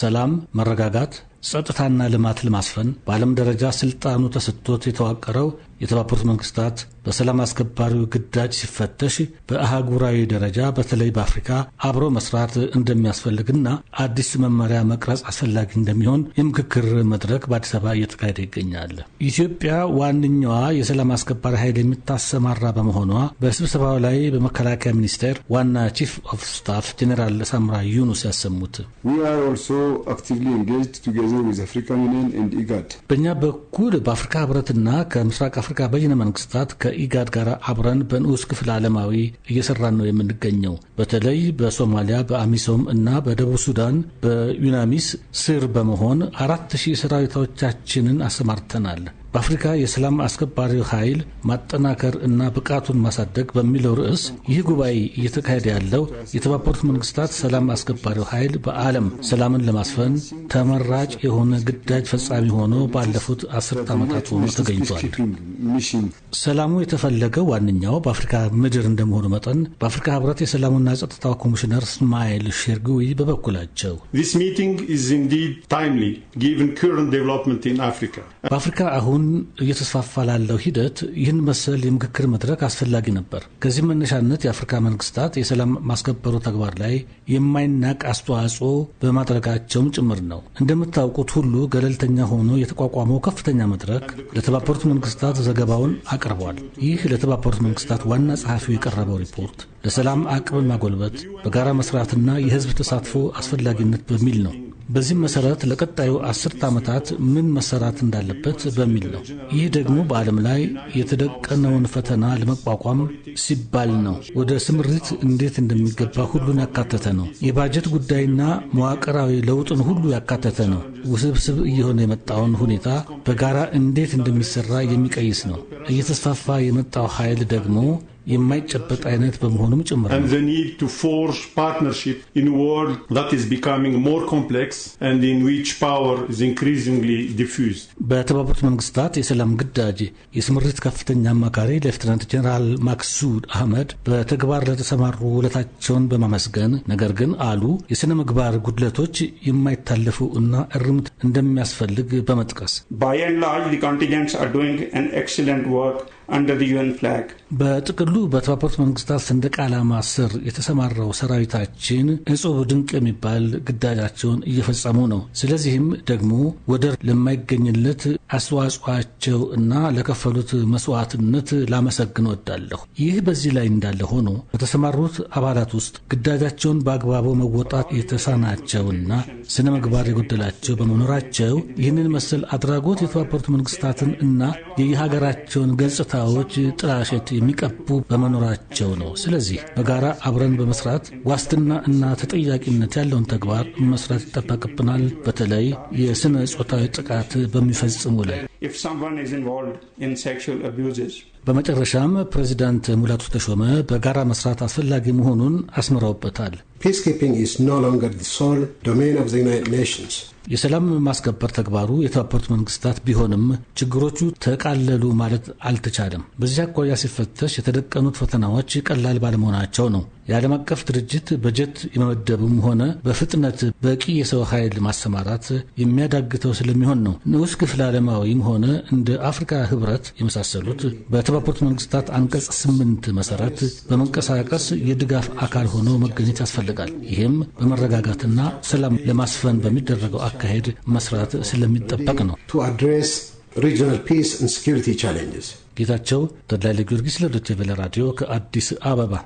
ሰላም፣ መረጋጋት፣ ጸጥታና ልማት ለማስፈን በዓለም ደረጃ ስልጣኑ ተሰጥቶት የተዋቀረው የተባበሩት መንግስታት በሰላም አስከባሪው ግዳጅ ሲፈተሽ በአህጉራዊ ደረጃ በተለይ በአፍሪካ አብሮ መስራት እንደሚያስፈልግና አዲስ መመሪያ መቅረጽ አስፈላጊ እንደሚሆን የምክክር መድረክ በአዲስ አበባ እየተካሄደ ይገኛል። ኢትዮጵያ ዋነኛዋ የሰላም አስከባሪ ኃይል የምታሰማራ በመሆኗ በስብሰባው ላይ በመከላከያ ሚኒስቴር ዋና ቺፍ ኦፍ ስታፍ ጄኔራል ሳምራ ዩኑስ ያሰሙት በእኛ በኩል በአፍሪካ ህብረትና ከምስራቅ አፍሪካ በይነ መንግስታት ከኢጋድ ጋር አብረን በንዑስ ክፍል ዓለማዊ እየሰራን ነው የምንገኘው። በተለይ በሶማሊያ በአሚሶም እና በደቡብ ሱዳን በዩናሚስ ስር በመሆን አራት ሺህ ሰራዊቶቻችንን አሰማርተናል። በአፍሪካ የሰላም አስከባሪ ኃይል ማጠናከር እና ብቃቱን ማሳደግ በሚለው ርዕስ ይህ ጉባኤ እየተካሄደ ያለው የተባበሩት መንግስታት ሰላም አስከባሪ ኃይል በዓለም ሰላምን ለማስፈን ተመራጭ የሆነ ግዳጅ ፈጻሚ ሆኖ ባለፉት አስርት ዓመታት ሆኖ ተገኝቷል። ሰላሙ የተፈለገው ዋነኛው በአፍሪካ ምድር እንደመሆኑ መጠን በአፍሪካ ህብረት የሰላሙና ጸጥታ ኮሚሽነር ስማይል ሼርግዊ በበኩላቸው በአፍሪካ አሁን አሁን እየተስፋፋ ላለው ሂደት ይህን መሰል የምክክር መድረክ አስፈላጊ ነበር። ከዚህ መነሻነት የአፍሪካ መንግስታት የሰላም ማስከበሩ ተግባር ላይ የማይናቅ አስተዋጽኦ በማድረጋቸውም ጭምር ነው። እንደምታውቁት ሁሉ ገለልተኛ ሆኖ የተቋቋመው ከፍተኛ መድረክ ለተባበሩት መንግስታት ዘገባውን አቅርቧል። ይህ ለተባበሩት መንግስታት ዋና ጸሐፊው የቀረበው ሪፖርት ለሰላም አቅም ማጎልበት፣ በጋራ መስራትና የህዝብ ተሳትፎ አስፈላጊነት በሚል ነው። በዚህም መሰረት ለቀጣዩ አስርት ዓመታት ምን መሰራት እንዳለበት በሚል ነው። ይህ ደግሞ በዓለም ላይ የተደቀነውን ፈተና ለመቋቋም ሲባል ነው። ወደ ስምሪት እንዴት እንደሚገባ ሁሉን ያካተተ ነው። የባጀት ጉዳይና መዋቅራዊ ለውጥን ሁሉ ያካተተ ነው። ውስብስብ እየሆነ የመጣውን ሁኔታ በጋራ እንዴት እንደሚሰራ የሚቀይስ ነው። እየተስፋፋ የመጣው ኃይል ደግሞ የማይጨበጥ አይነት በመሆኑም ጭምር በተባበሩት መንግስታት የሰላም ግዳጅ የስምሪት ከፍተኛ አማካሪ ሌፍትናንት ጀኔራል ማክሱድ አህመድ በተግባር ለተሰማሩ ውለታቸውን በማመስገን ነገር ግን አሉ የሥነ ምግባር ጉድለቶች የማይታለፉ እና እርምት እንደሚያስፈልግ በመጥቀስ በጥቅሉ በተባበሩት መንግስታት ሰንደቅ ዓላማ ስር የተሰማራው ሰራዊታችን እጹብ ድንቅ የሚባል ግዳጃቸውን እየፈጸሙ ነው። ስለዚህም ደግሞ ወደር ለማይገኝለት አስተዋጽኦአቸው እና ለከፈሉት መስዋዕትነት ላመሰግን ወዳለሁ። ይህ በዚህ ላይ እንዳለ ሆኖ በተሰማሩት አባላት ውስጥ ግዳጃቸውን በአግባቡ መወጣት የተሳናቸውና ስነ ምግባር የጎደላቸው በመኖራቸው ይህንን መሰል አድራጎት የተባበሩት መንግስታትን እና የየሀገራቸውን ገጽታ ቦታዎች ጥላሸት የሚቀቡ በመኖራቸው ነው። ስለዚህ በጋራ አብረን በመስራት ዋስትና እና ተጠያቂነት ያለውን ተግባር መስራት ይጠበቅብናል። በተለይ የስነ ጾታዊ ጥቃት በሚፈጽሙ ላይ በመጨረሻም ፕሬዚዳንት ሙላቱ ተሾመ በጋራ መስራት አስፈላጊ መሆኑን አስምረውበታል። የሰላም ማስከበር ተግባሩ የተባበሩት መንግስታት ቢሆንም ችግሮቹ ተቃለሉ ማለት አልተቻለም። በዚህ አኳያ ሲፈተሽ የተደቀኑት ፈተናዎች ቀላል ባለመሆናቸው ነው የዓለም አቀፍ ድርጅት በጀት የመመደብም ሆነ በፍጥነት በቂ የሰው ኃይል ማሰማራት የሚያዳግተው ስለሚሆን ነው። ንዑስ ክፍለ ዓለማዊም ሆነ እንደ አፍሪካ ህብረት የመሳሰሉት በተባበሩት መንግስታት አንቀጽ ስምንት መሰረት በመንቀሳቀስ የድጋፍ አካል ሆኖ መገኘት ያስፈልጋል። ይህም በመረጋጋትና ሰላም ለማስፈን በሚደረገው አካሄድ መስራት ስለሚጠበቅ ነው። ጌታቸው ተድላይ ለጊዮርጊስ ለዶይቼ ቬለ ራዲዮ ከአዲስ አበባ